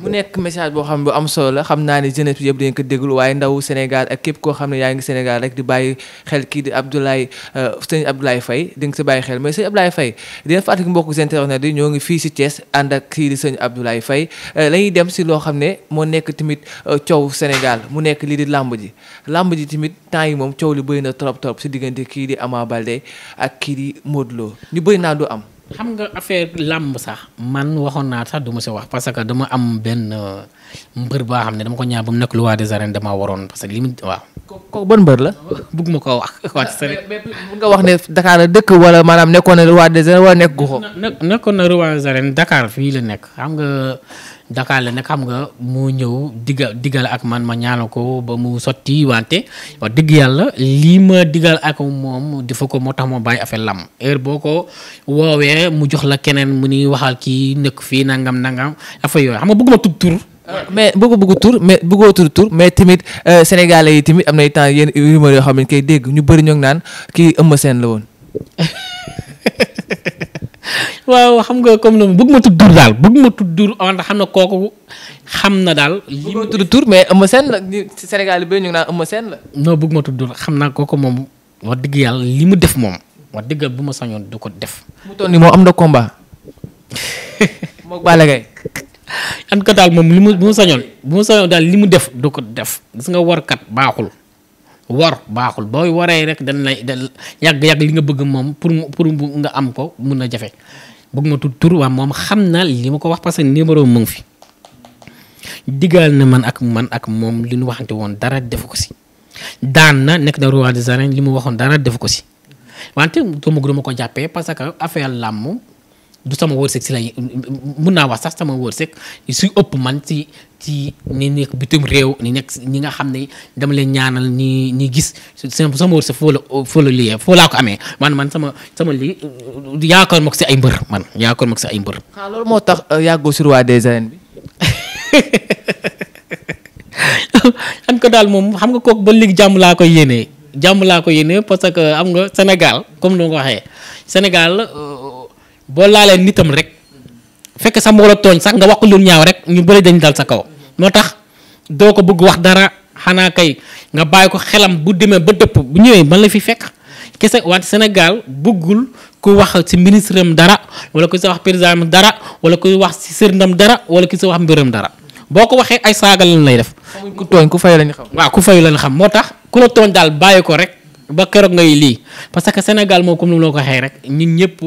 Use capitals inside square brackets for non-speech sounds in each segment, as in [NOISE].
mu nekk message boo xam ne bu am solo la xam naa ne jeunesse yëpp dañ ko déglu waaye ndaw Sénégal ak képp koo xam ne yaa ngi Sénégal rek di bàyyi xel kii di Abdoulaye euh, sëñ Abdoulaye Faye di si bàyyi xel mais sëñ Abdoulaye Faye dina fàttali mbokk ñoo ngi fii si Thiès ànd ak kii di sëñ Abdoulaye Faye euh, lañuy dem si loo xam ne moo nekk tamit euh, coow Sénégal mu nekk lii di làmb ji làmb ji tamit temps yi moom coow li bëy na trop trop si diggante kii di Ama Baldé ak kii di Modou Lo ñu bëri naa du am xam nga affaire làmb sax man waxoon naa sax du ma si wax parce que dama am benn euh, mbër baa xam ne dama ko ñaar ba mu nekk lu waa des arènes damaa waroon parce que li mu waaw. ko ban mbër la. bëgg ma koo wax. waa ci sëriñ bu nga wax ne Dakar la dëkk wala maanaam nekkoon na roi des arènes wala nekk gu ko. nekkoon na roi des arènes Dakar fii la nekk xam nga. Dakar la nag xam nga mu ñëw digal digal ak man ma ñaanal ko ba mu sotti wante wax dëgg yàlla lii ma digal ak moom di fa ko moo tax moo bàyyi affaire lam heure boo ko woowee mu jox la keneen mu ni waxal kii nekk fii nangam nangam affaire yooyu xam nga bëgguma tudd tur. mais bëgg bëgg tur mais bëggoo tur tur mais tamit euh, sénégalais yi tamit am nay temps yenn rumeur yoo xam ne koy dégg ñu bëri ñoo ngi naan kii Eumeu seen la woon. [LAUGHS] waaw xam nga comme noonu bëgg ma tudd daal bëgg ma tudd tur xam na kooku xam na daal. li mais Eumeu Sène la ci Sénégal yi bëri ñu ngi naan Eumeu la. non bëgg ma tudd tur xam naa ko moom wax digg yàlla li mu def moom wax dëgg bu ma sañoon du ko def. mu am na combat. [LAUGHS] moog moom li mu bu ma sañoon bu daal li mu def du def gis nga warkat baaxul. war baaxul booy waree rek dañ lay dañ yàgg-yàgg li nga bëgg moom pour pour nga am ko mun a jafe bëgg ma tur waa moom xam naa li ma ko wax parce que numéro mu ngi fi diggaal na man ak man ak moom li ñu waxante woon dara def ko si daan na nekk na roi des arènes li mu waxoon dara def ko si wante doomu gu ma ko jàppee parce que affaire làmm du sama wërsëg si lay mun naa wax sax sama wërsëg suy ëpp man si ci ni nekk bitim réew ni nekk ñi nga xam ne dama leen ñaanal ñi ñi gis sama wërsëg foo la foo la foo laa ko amee man man sama sama lii yaakaar ma ko si ay mbër man yaakaar ma ko si ay mbër. moo tax euh, yàggoo sur waa des arènes [LAUGHS] xam ko daal moom xam nga kook ba léegi jàmm laa koy yéenee jàmm laa koy yéenee parce que am nga Sénégal comme ni nga waxee Sénégal. Euh, boo laalee nitam rek fekk sax moo la tooñ sax nga wax lu ñaaw rek ñu bëri dañ daal sa kaw moo tax doo ko bëgg wax dara xanaa kay nga bàyyi ko xelam bu demee ba dëpp bu ñëwee man la fi fekk kese wante Sénégal bëggul ku wax ci ministre am dara wala ku sa wax président dara wala ku wax ci sërndam dara wala ku sa wax mbiram dara boo ko waxee ay saaga lan lay def. ku tooñ ku fay lañ xam. waaw ku fay lañ xam moo tax ku la tooñ daal bàyyi ko rek ba keroog ngay lii parce que Sénégal moom comme ni ma ko waxee rek ñun ñëpp.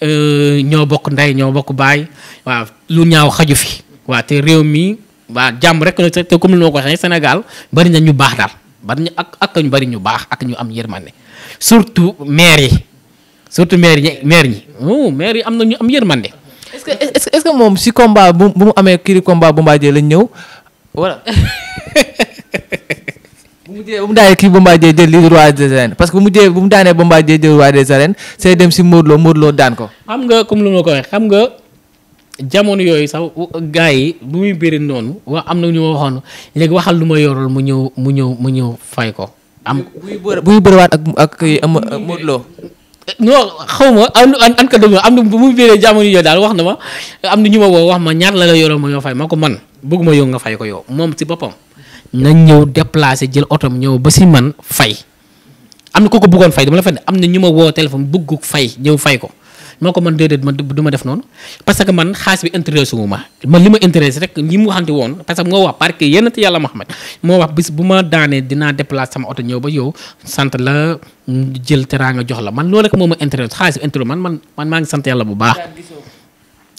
Euh, ñoo bokk ndey ñoo bokk baay waa lu ñaaw xaju fi waaw te réew mi waaw jàmm rek la te comme ni ma ko waxee Sénégal bari na ñu baax daal bari ñu ak ak ñu bari ñu baax ak ñu am yërmande surtout maire yi surtout maire yi maire ñi oh, maire yi am na ñu am yërmande. est-ce que moom si combat bu bu mu amee kii bu Bombardier lañ ñëw [LAUGHS] bu mu daanee kii Bombardier jël li roi des arènes parce que bu mu jiyee bu mu daanee Bombardier jël roi des arènes say dem si Modou Lo daan ko. xam nga comme lu ma ko waxee xam nga jamono yooyu sax gars yi bu muy bëri noonu wax am na ñu ma waxoon léegi waxal lu ma yorul mu ñëw mu ñëw mu ñëw fay ko. am buy bë bëriwaat ak ak Modou Lo. non xaw ma am an ka dëgg am na daal wax na ma am na ñu woo wax ma ñaar la la yoroo ma ñoo fay ma ko man bëgguma yow nga fay ko yow moom si boppam. nañ ñëw déplacé jël otom ñëw ba si man fay am na ku ko bëggoon fay dama la fa am na ñu ma woo téléphone bëgg fay ñëw fay ko moo ko man déedéet man du ma def noonu parce que man xaalis bi intéressé wu ma man li ma intéressé rek ñi mu waxante woon parce que moo wax parce que yéen yàlla Muhammad moo wax bis bu ma daanee dinaa déplacé sama oto ñëw ba yow sant la jël nga jox la man loolu rek moo ma intéressé xaalis bi intéressé man man man maa ngi sant yàlla bu baax.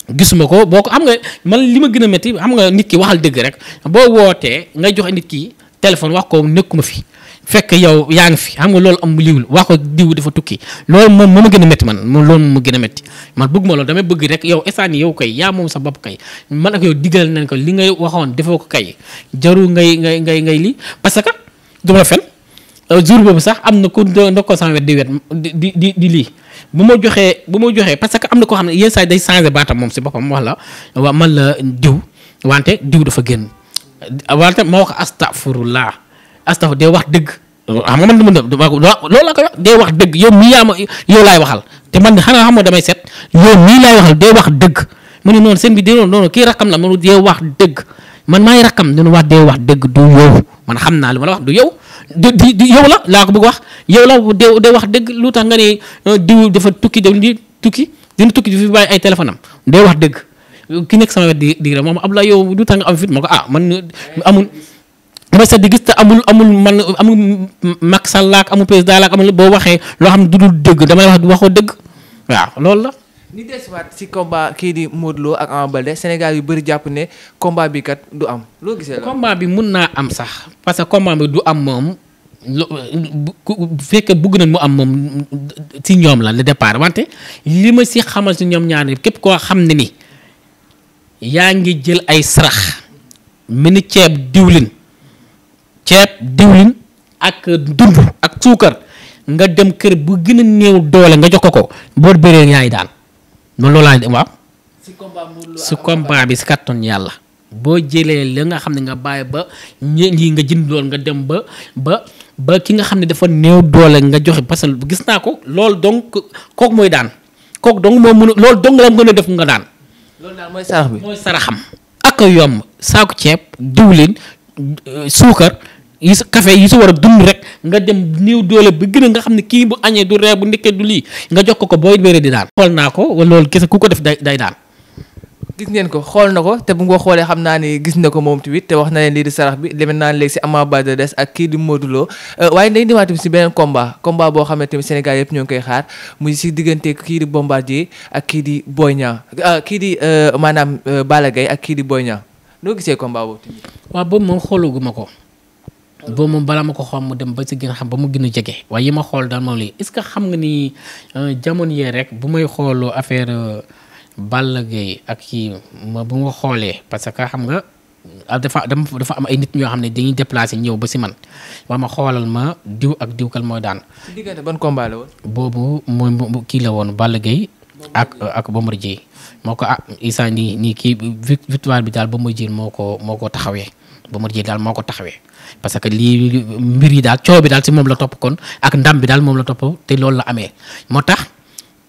gisuma ko boo ko am nga man li ma gën a métti am nga nit ki waxal dëgg rek boo wootee ngay joxe nit ki téléphone wax ko nekkuma fi fekk yow yaa ngi fi xam nga loolu am liwul wax ko diw dafa tukki loolu moom moo ma gën a métti man moom moo ma gën a métti man bëgg ma loolu damay bëgg rek yow instant yow kay yaa moom sa bopp kay man ak yow diggal nañ ko li ngay waxoon defoo ko kay jarul ngay ngay ngay ngay li parce que la fen Euh, jour boobu sax am na ku ndokkoo sama wet di wet di di di lii bu ma joxee bu ma joxee parce que am na ko xam ne yenn saa day changé baatam moom si boppam wax la waa man la diw wante diw dafa génn wante ma wax astafurullah astafur day wax dëgg xam nga man dama dama ko wax day wax dëgg yow waxal te man nga damay set yow mii laay waxal day wax dëgg mu ne noonu seen bi dee noonu kii rakkam la mu dee wax dëgg man maay rakkam dañu wax dee wax dëgg du yow man xam naa lu ma la wax du yow du du yow la laa ko bëgg wax yow la dee dee wax dëgg lu tax nga ne euh, diw dafa tukki daf di tukki dina tukki di fi bàyyi ay téléphone am wax dëgg ki nekk sama wet di di rek moom Abdoulaye yow du tax nga am fit ma ko ah man amul damay sax di gis te amul amul man amul Macky Sall laak amul président laak amul boo waxee loo xam ne du dul dëgg damay wax du waxoo dëgg waaw loolu la ni desuwaat si combat kii di Modou Lo ak Ama Baldé Sénégal yu bari jàpp ne combat bi kat du am loo gisee la. bi mun naa am sax parce que combat bi du am moom lo bëgg nañ mu am moom si ñoom la le wante li ma si xamal si ñoom ñaar képp koo xam ne ni yaa ngi jël ay sarax mel ni ceeb diwlin ceeb diwlin ak dund ak suukar nga dem kër bu gën a néew doole nga jox ko ko boo bëree yaay daan. man loolu laa waaw. si combat bi si kàttan yàlla. boo jëlee la nga xam ne nga bàyyi ba ñi lii nga jënd lool nga dem ba ba ba ki nga xam ne dafa néew doole nga joxe parce que gis naa ko lool donc kooku mooy daan kook donc moo mun loolu dong la mën a def nga daan. loolu daal mooy sarax bi mooy ak a yomb saako ceeb diwlin euh, suukar. yi sa café yi sa war a dund rek nga dem néew doole bi gën a nga xam ne kii bu añee du reer bu ndekkee du lii nga jox ko ko booy wéree di daan xool naa ko wala loolu kese ku ko def day day daan gis ngeen ko xool na ko te bu nga xoolee xam naa ni gis na ko moom tamit te wax na leen lii di sarax bi lemen naa léegi si Ama Baldé des ak kii di Modou Lo euh, waaye si beneen combat combat boo xam ne Sénégal yëpp ñoo ngi koy xaar muy si diggante kii di Bombardier ak kii di Boy Niang euh, kii di euh, maanaam Balla Gaye ak kii di Boy Niang gisee combat boobu tamit waaw boobu moom ko boobu moom balaa ma ko xool mu dem ba si gën a xam ba mu gën a jege. waaye ma xool daal moom lii est-ce nga ni euh, jamono yee rek bu may xooloo affaire euh, Balla Gaye ak kii ma bu ma xoolee parce que xam nga ah, dafa dafa am ay nit ñoo xam ne dañuy déplacé ñëw ba si man waa ma xoolal ma diw ak diw kal mooy daan. si diggante ban woon. boobu mooy kii la woon Balla Gaye ak ak Bombardier moo ko ah Issa nii nii kii victoire bi daal Bombardier moo ko moo ko taxawee. Bombardier daal moo ko taxawee parce que lii mbir yi daal coow bi daal si moom la topp kon ak ndam bi daal moom la topp te loolu la amee moo tax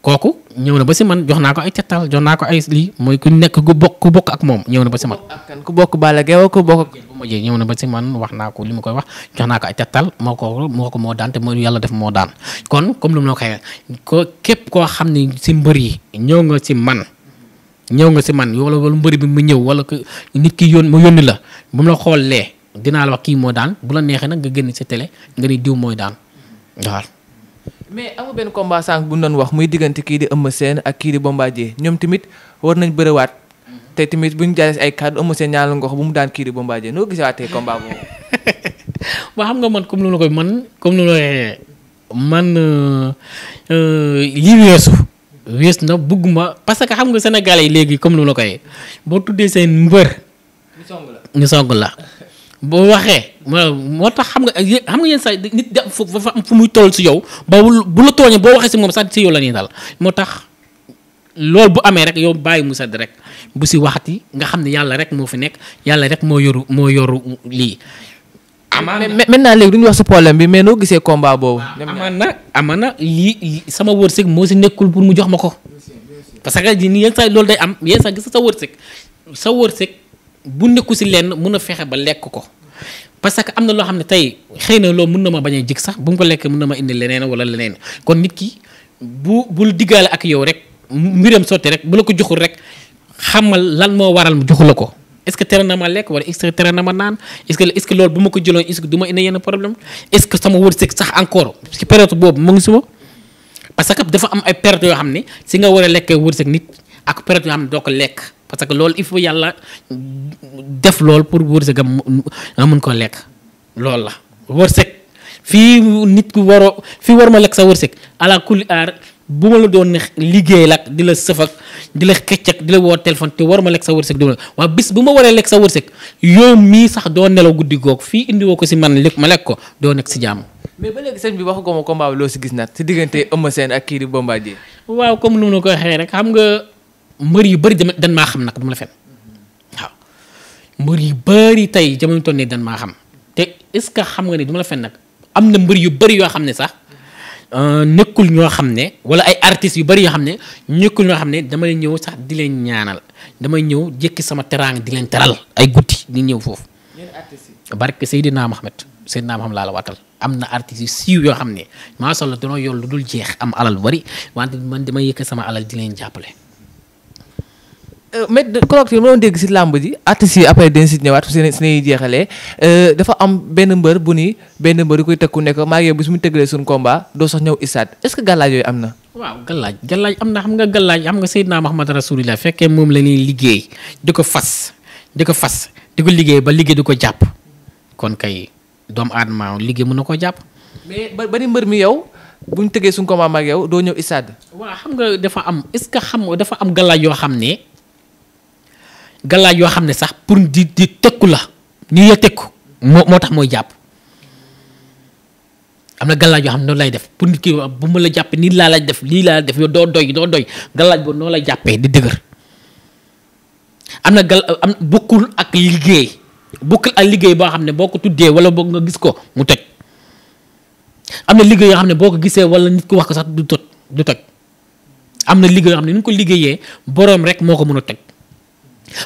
kooku ñëw na ba si man jox naa ko ay tettal jox naa ko ay mooy ku nekk ku bokk bokk ak moom ñëw na ba si man. ku bokk Balla Gaye ku bokk Bombardier ñëw na ba man wax naa ko li ma koy wax jox naa ko ay tettal moo ko moo ko moo daan te mooy yàlla def moo daan kon comme lu ma ko waxee ko képp koo xam ne si mbër yi ñëw nga si man. ñëw nga si man wala wala mbëri bi mu ñëw wala nit ki yoon mu yónni la bu mu la xoolee dinaa la wax moo daan bu la neexee nag nga génn sa télé nga ni diw mooy daan mais amul benn sànq bu ñu doon wax muy diggante kii di Eumeu Sène ak kii di ñoom tamit war nañ bëriwaat te tamit bu ñu ay kàddu Eumeu bu mu daan kii di Bombardier noo gisaatee combat boobu. [LAUGHS] waa xam nga man comme lu la koy man comme man lii euh, euh, wees na bugguma parce que xam nga sénégalais yi léegi comme lu la koy boo tuddee seen mbër. ñu song la boo waxee moo tax xam nga xam nga yenn saa nit da fa am fu muy toll si yow ba bu la tooñee boo waxee si moom sax si yow la ñuy dal moo tax lool bu amee rek yow bàyyi mu sedd rek bu si waxati nga xam ne yàlla rek moo fi nekk yàlla rek moo yoru moo yoru lii. amaan na maintenant léegi du ñu wax si problème mais noo gisee combat boobu. amaan na amaan na lii sama wërsëg moo si nekkul pour mu jox ma ko. parce que yenn saa loolu day am yenn saa gis sa wërsëg sa wërsëg. bu nekku si lenn mun a fexe ba lekk ko parce que am na loo xam ne tey xëy na loo mun na ma bañ a jig sax bu mu ko lekkee mun na ma indi leneen wala leneen kon nit ki bu bul diggaale ak yow rek mbiram sotti rek bu la ko joxul rek xamal lan moo waral mu joxu la ko est-ce tere na ma lekk wala est tere na ma naan est-ce bu ma ko jëloon est du ma indi yenn problème est-ce que sama wërsëg sax encore ci période boobu mu ngi si ma parce que dafa am ay période yoo xam ne si nga war a lekkee wërsëg nit ak période yoo xam doo ko lekk. parce que loolu il faut yàlla def loolu pour wërsëgam nga mun koo lekk loolu la wërsëg fii nit ku waroo fii war ma lekk sa wërsëg ala kulli aar bu ma la doon liggéey lak di la sëf ak di la xëcc di la woo téléphone te war ma lekk sa wërsëg duma waaw bis ma waree lekk sa wërsëg yow mii sax doo nelaw guddi googu fii indiwoo ko si man lépp ma lekk ko doo nekk si jàmm. mais ba léegi sëñ bi wax ko ma combat bi loo si gis naat si diggante Eumeu Sène ak kii di waaw comme lu ma la ko waxee rek xam nga. mbër yu bëri dan maa xam nag du ma la fen waaw mbër yu bëri tey jamono toll nii dan maa xam te est-ce que xam nga ni du ma la fen nag am na mbër yu bari yoo xam ne sax euh, nekkul ñoo xam ne wala ay artistes yu bari yoo xam ne nekkul ñoo xam ne damay ñëw sax di leen ñaanal damay ñëw jékki sama teraanga di leen teral ay guddi di ñëw foofu. barke Seydina Mohamed Seydina Mohamed laa la waatal am na artistes yu siiw yoo xam ne maa sha Allah danoo yor lu dul jeex am alal bu bëri wante man damay yëkk sama alal di leen jàppale. Euh, mais collectif ma doon dégg si làmb ji artistes yi après den si ñëwaat su ne su ñuy jeexalee euh, dafa am benn mbër bu ni benn mbër yu koy tëkku ne ko maa ngi bi su mu tëggalee suñu combat doo sax ñëw isaat est-ce que gàllaaj yooyu am na. waaw gàllaaj gàllaaj am na xam nga gàllaaj xam nga Seydina Muhammad Rasulullah fekkee moom la ñuy liggéey di ko fas di ko fas di liggéey ba liggéey di ko jàpp kon kay doomu aadama liggéey mën na koo jàpp. ba ba ni mi yow. bu ñu tëggee suñu combat ak yow doo ñëw isaad. waa xam nga dafa am est-ce que xam dafa am gallaaj yoo xam ne galaaj yoo xam ne sax pour di di tekku la ni ya tekku moo moo tax mooy jàpp am na galaaj yoo xam ne noonu lay def pour nit ki bu ma la jàppee nii laa la def lii laa def yow doo doy doo doy galaaj boobu noonu jàppee di dëgër am na gal bokkul ak liggéey bokkul ak liggéey boo xam ne boo ko tuddee wala boo nga gis ko mu toj am na liggéey yoo xam ne boo ko gisee wala nit ko wax ko sax du toj du toj am na liggéey yoo xam ne ni ñu ko liggéeyee boroom rek moo ko mën a toj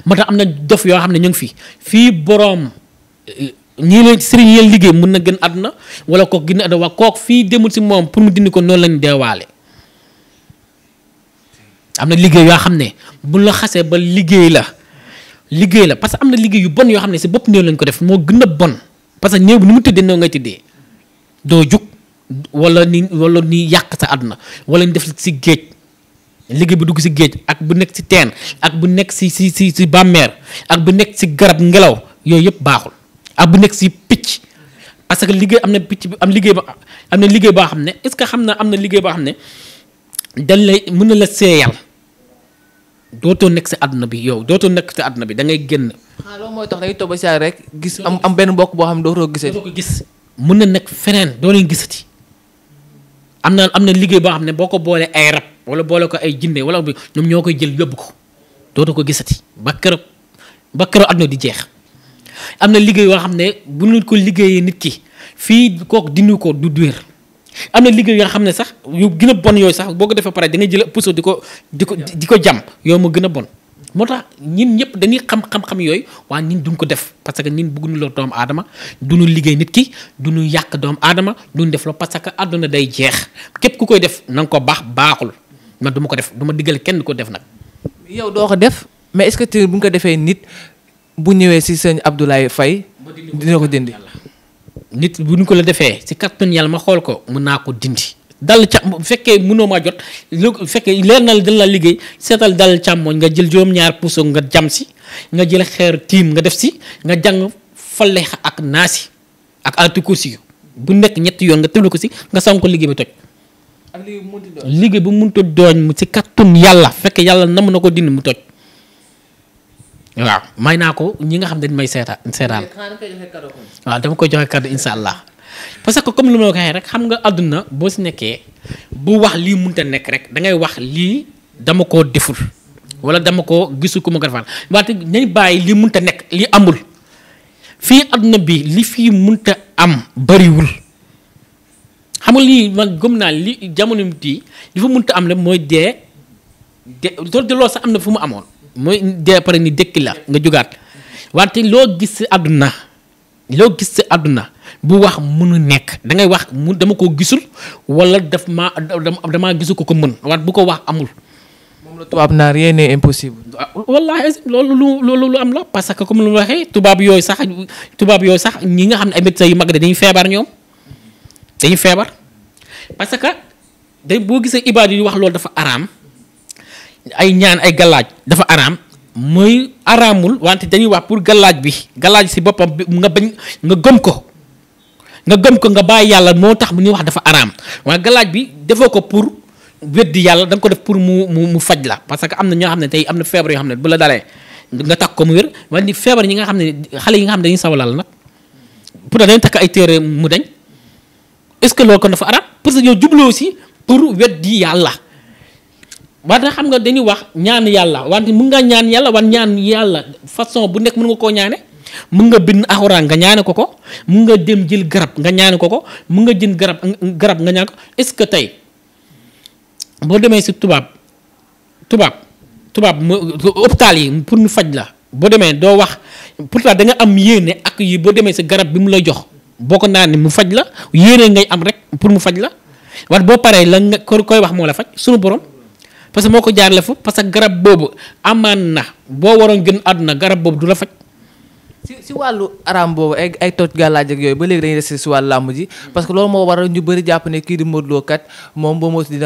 moo tax am na dof yoo xam ne ñu ngi fi fii boroom ñii leen sëriñ yi leen liggéey mën na gën àdduna wala kook gën àdduna waa kook fii demul si moom pour mu dindi ko noonu lañ deewaale am na liggéey yoo xam ne bu la xasee ba liggéey la liggéey la parce que am na liggéey yu bon yoo xam ne si bopp néew lañ ko def moo gën a bon parce que néew bi ni mu tëddee noonu ngay tëddee doo jug wala ni wala ni yàq sa àdduna wala ni def si géej liggéey bu dugg ci géej ak bu nekk ci teen ak bu nekk si si si si bàmmeer ak bu nekk si garab ngelaw yooyu yëpp baaxul ak bu nekk si picc parce que liggéey am na picc am liggéey ba am na liggéey boo xam ne est-ce que xam na am na liggéey boo xam ne dañ lay mën na la seeyal dootoo nekk si àdduna bi yow dootoo nekk si àdduna bi da ngay génn. waaw loolu tax day toog ba rek gis am am benn mbokk boo xam ne dootoo gisee. dootoo ko gis mën na nekk feneen doo leen gisati am na am na liggéey boo xam ne boo ko boolee ay rab. wala boole ko ay jinne wala ñoom ñoo koy jël yóbbu ko dootu ko gisati ba keroog ba keroog àdduna di jeex am na liggéey yoo xam ne bu ñu ko liggéeyee nit ki fii kooku dindi ko du duwér am na liggéey yoo xam ne sax yu gën a bon yooyu sax boo ko defee pare da ngay jël puso di ko di ko di ko jàmm yow ma gën a bon moo tax ñin ñëpp dañuy xam xam-xam yooyu waaye ñin duñ ko def parce que ñin bëgguñu lor doomu aadama duñu liggéey nit ki du duñu yàq doomu aadama duñu def la parce que àdduna day jeex képp ku koy def nanga nga ko baax baaxul man du ma ko def du ma diggal kenn ko def nag. yow doo ko def mais est-ce que te bu ñu ko defee nit bu ñëwee si sëñ Abdoulaye Faye dina ko dindi. nit bu ñu ko la defee si kattan yàlla ma xool ko mën naa ko dindi. dal càmm bu fekkee mënoo maa jot lu fekkee leer na dal la liggéey seetal dal càmmooñ nga jël juróom-ñaar puso nga jam si nga jël xeer tiim nga def si nga jàng faleex ak naasi ak article si bu nekk ñetti yoon nga tëblu ko si nga sang ko liggéey bi liggéey bu mënta dooñ mu ci kattun yàlla fekk yàlla nam na ko dindi mu toj waaw may naa ko ñi nga xam ne dañ may seeta seetaan waaw dama koy joxe cadeau insha allah parce que comme lu ma la ko waxee rek xam nga àdduna boo si nekkee bu wax lii mënta nekk rek da ngay wax lii dama ko deful wala dama ko gisu ku ma ko defal waate nañ bàyyi lii mënta nekk lii amul fii àdduna bi li fii mënta am bariwul xam nga lii man gëm naa li jamono bii li fa mënta am la mooy dee de doonte loolu sax am na fu mu amoon mooy dee pare ni dëkk la nga jugaat wante loo gis si àdduna loo gis si àdduna bu wax mun mënu nekk da ngay wax mu dama koo gisul wala daf maa dama gisu ko ko mën wante bu ko wax amul. moom la tubaab naa rien n'est impossible. wallaahi loolu lu lu lu am la parce que comme lu waxee tubaab yooyu sax tubaab yooyu sax ñi nga xam ne ay médecins yu mag de dañuy feebar ñoom. dañu feebar parce que day boo gisee ibaad yu wax loolu dafa araam ay ñaan ay gallaaj dafa araam mooy araamul wante dañuy wax pour gallaaj bi gallaaj si boppam bi nga bañ nga gëm ko nga gëm ko nga bàyyi yàlla moo tax mu ñuy wax dafa araam waaye galaaj bi defoo ko pour weddi yàlla da nga ko def pour mu mu mu faj la parce que am na ñoo xam ne tey am na feebar yoo xam ne bu la dalee nga takk ko mu wér wante feebar yi nga xam ne xale yi nga xam ne dañuy sawalal nag pour dañuy takk ay téere mu dañ. est-ce que loolu kon dafa arab parce que yow jubloo si pour weddi yàlla wante xam nga dañuy wax ñaan yàlla wante mun nga ñaan yàlla wan ñaan yàlla façon bu nekk mun nga koo ñaane mun nga bind axuraan nga ñaane ko ko mun nga dem jël garab nga ñaane ko ko mun nga jël garab garab nga ñaan ko est-ce que tey boo demee si tubaab tubaab tubaab hôpital yi pour ñu faj la boo demee doo wax pourtant da nga am yéene ak yi boo demee si garab bi mu lay jox boo ko naan naanee mu faj la yéene ngay am rek pour mu faj la wat boo paree la nga ko koy wax moo la faj sunu borom parce que moo ko jaarale fa parce que garab boobu amaan na boo waroon gën àdduna garab boobu du la faj. si si wàllu araam boobu ay ay toj gàllaaj ak yooyu ba léegi dañuy des si làmb ji parce que loolu moo waral ñu bëri jàpp ne kii di Modou Lo kat moom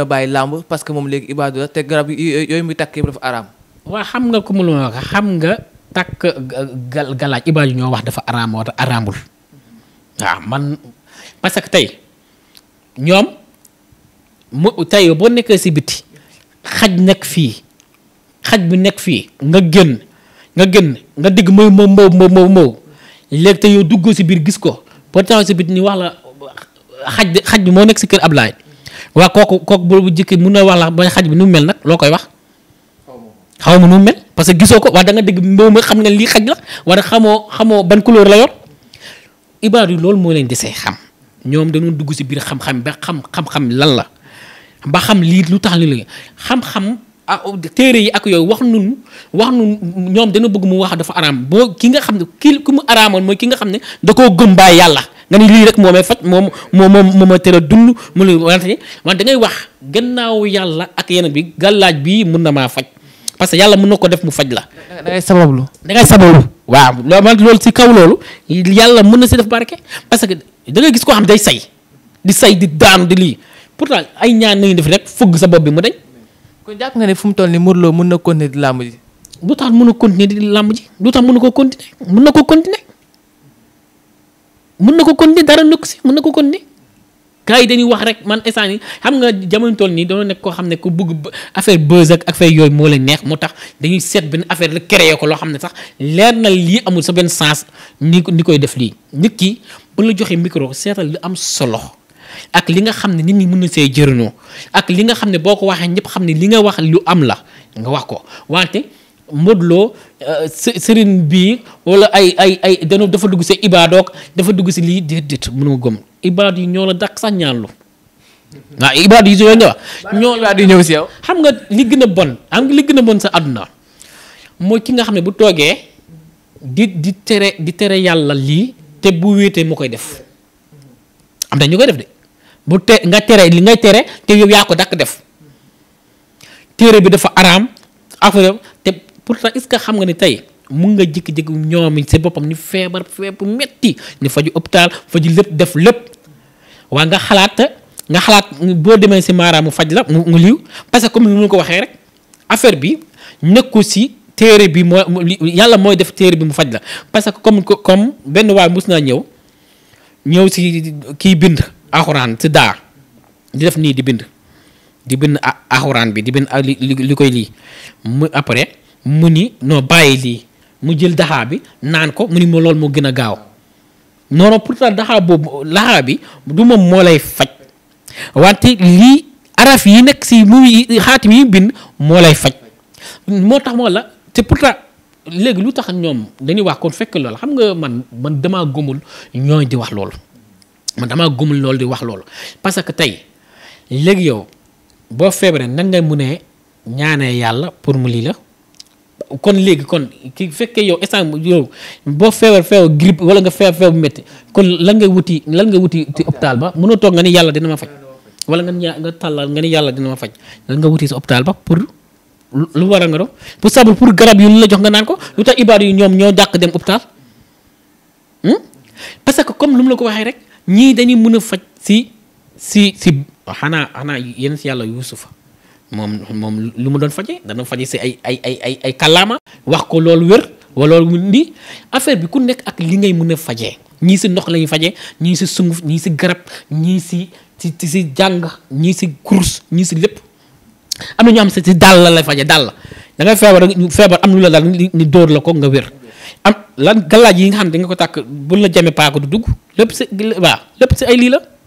bàyyi làmb parce que moom léegi ibaadu te garab yooyu muy takk yëpp dafa araam. waaw xam nga ko mu la wax xam nga takk gàllaaj ibaadu ñoo wax dafa araam moo araamul. waaw man parce que tey ñoom mu tey boo nekkee si biti xaj nekk fii xaj bi nekk fii nga génn nga génn nga digg mooy moom moow moow moow moow léegi te yow duggoo si biir gis ko boo taxaw si biti ni wax la xaj bi xaj moo nekk si kër laay waa kooku kooku bu jëkki mun na wax la ba xaj bi nu mu mel nag loo koy wax xaw nu mu mel parce que gisoo ko waa da nga dégg mbéw xam ne lii xaj la wala xamoo xamoo ban couleur la yor ibaadu loolu moo leen desee xam ñoom dañoo dugg si biir xam-xam ba xam xam-xam lan la ba xam lii lu tax li la xam-xam ah téere yi ak yooyu wax nun wax nun ñoom dana bëgg mu wax dafa araam boo ki nga xam ne ki ku mu araamal mooy ki nga xam ne da koo gëm bàyyi yàlla nga ni lii rek moo may faj moom moo moom ma tere dund mu la wante wante dangay wax gannaaw yàlla ak yeneen bi gàllaaj bi mun na maa faj parce que yàlla mun na ko def mu faj la. da waaw loo man loolu si kaw loolu yàlla mën na si def barke parce que da gis koo xam day say di say di daanu di lii pourtant ay ñaan nañu def rek fëgg sa bopp bi mu dañ. kon jàkk nga ne fu mu toll nii Modou Lo mën na continuer di làmb ji. lu tax mën a continuer di làmb ji lu tax mën na ko continuer mun na ko continuer mun na ko continuer dara nekk si mën na ko continuer gars yi dañuy wax rek man instant yi xam nga jamono toll nii dañoo nekk koo xam ne ku bëgg affaire buzz ak affaire yooy moo leen neex moo tax dañuy seet benn affaire la créé ko loo xam ne sax leer na lii amul sa benn sens ni ni koy def lii nit ki bu la joxee micro seetal lu am solo ak li nga xam ne nit ñi mun na see jëriñoo ak li nga xam ne boo ko waxee ñëpp xam ne li nga wax lu am la nga wax ko wante Modou Lo euh, sëriñ bii wala ay ay ay dañoo dafa dugg si ibaadook dafa dugg si lii déedéet mënoo gëm ibaad yi ñoo la dàq sax ñaanlu waaw ah, ibaad yi yooyu nga ñoo la di ñëw si xam nga li gën a bon xam bon sa àdduna mooy ki nga xam ne bu toogee di di tere di tere yàlla lii te bu wéetee mu koy def am na ñu koy def de bu te nga tere li ngay tere te yow yaa ko dàq def téere bi dafa araam affaire te pourtant est-ce que xam nga ni tey mun nga jékki-jékki ñoom si boppam ñu feebar feebar metti ñu faju hôpital faju lépp def lépp waa nga xalaat nga xalaat boo demee si maaraam mu faj la mu liw parce que comme ni ma ko waxee rek affaire bi nekkul si téere bi yàlla mooy def téere bi mu faj la parce que comme comme benn waay mus naa ñëw ñëw si kii bind axuraan si daa di def nii di bind di bind axuraan bi di bind li koy lii mu après mu ni noo bàyyi lii mu jël daxaa bi naan ko mu ni ma lool moo gën a gaaw non non pourtant daxaa boobu laxaa bi du moom moo lay faj wante lii araf yi nekk si mu xaatim yi bind moo lay faj moo tax moo la te pourtant léegi lu tax ñoom dañuy wax kon fekk loolu xam nga man man damaa gëmul ñooy di wax loolu man damaa gumul loolu di wax loolu parce que tey léegi yow boo feebaree nan nga mu ne ñaanee yàlla pour mu lii la kon léegi kon ki fekkee yow instant yow boo feebar feew grip wala nga feebar feebar bu métti kon lan ngay wuti lan nga wuti ci hôpital ba mënoo toog nga ni yàlla dina ma faj wala nga nga tàllal nga ni yàlla dina faj nga wuti si hôpital ba pour lu war a nga doon pour sabul pour garab yu la jox nga naan ko lu tax ibaar yu ñoom ñoo dàq dem hôpital hmm? parce que comme lu mu la ko waxee rek ñii dañuy mën a faj si si si xanaa xanaa yéen si yàlla yuusufa moom moom lu mu doon faje dana faje si ay ay ay ay kàllaama wax ko loolu wér wala loolu ndi affaire bi ku nekk ak li ngay mën a fajee ñii si ndox lañuy fajee ñii si sunguf ñii si garab ñii si si si jàng ñii si course ñii si lépp am na ñoo xam si si dàll la lay faje dàll la da ngay feebar feebar am lu la daal ni dóor la ko nga wér am lan galaaj yi nga xam ne da ko tàkk bu la jamee paaka du dugg lépp si waaw lépp si ay lii la